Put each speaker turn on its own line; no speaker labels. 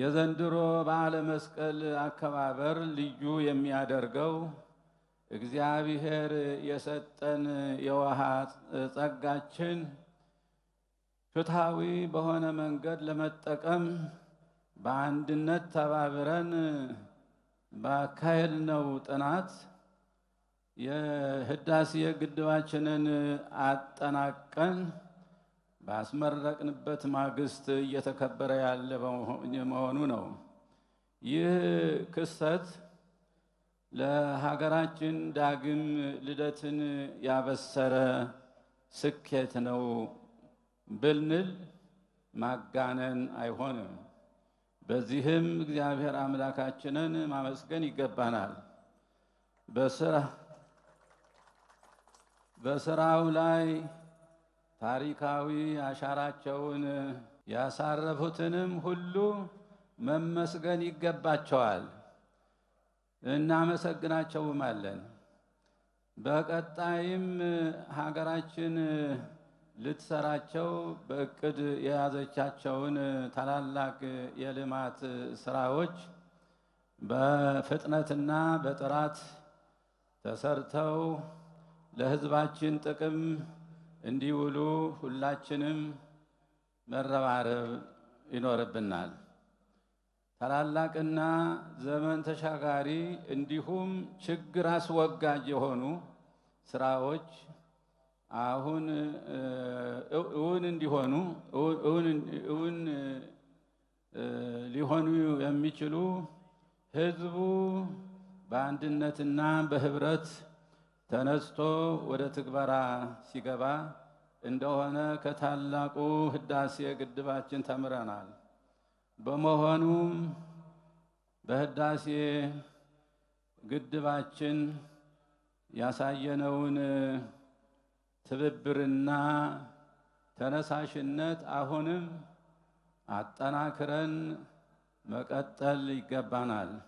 የዘንድሮ በዓለ መስቀል አከባበር ልዩ የሚያደርገው እግዚአብሔር የሰጠን የውሃ ጸጋችን ፍትሐዊ በሆነ መንገድ ለመጠቀም በአንድነት ተባብረን ባካሄድነው ጥናት የህዳሴ ግድባችንን አጠናቀን ባስመረቅንበት ማግስት እየተከበረ ያለ መሆኑ ነው። ይህ ክስተት ለሀገራችን ዳግም ልደትን ያበሰረ ስኬት ነው ብልንል ማጋነን አይሆንም። በዚህም እግዚአብሔር አምላካችንን ማመስገን ይገባናል። በስራው ላይ ታሪካዊ አሻራቸውን ያሳረፉትንም ሁሉ መመስገን ይገባቸዋል። እናመሰግናቸውም አለን። በቀጣይም ሀገራችን ልትሰራቸው በእቅድ የያዘቻቸውን ታላላቅ የልማት ስራዎች በፍጥነትና በጥራት ተሰርተው ለሕዝባችን ጥቅም እንዲህ ውሉ ሁላችንም መረባረብ ይኖርብናል። ታላላቅና ዘመን ተሻጋሪ እንዲሁም ችግር አስወጋጅ የሆኑ ስራዎች አሁን እውን እንዲሆኑ እውን ሊሆኑ የሚችሉ ህዝቡ በአንድነትና በህብረት ተነስቶ ወደ ትግበራ ሲገባ እንደሆነ ከታላቁ ህዳሴ ግድባችን ተምረናል። በመሆኑም በህዳሴ ግድባችን ያሳየነውን ትብብርና ተነሳሽነት አሁንም አጠናክረን መቀጠል ይገባናል።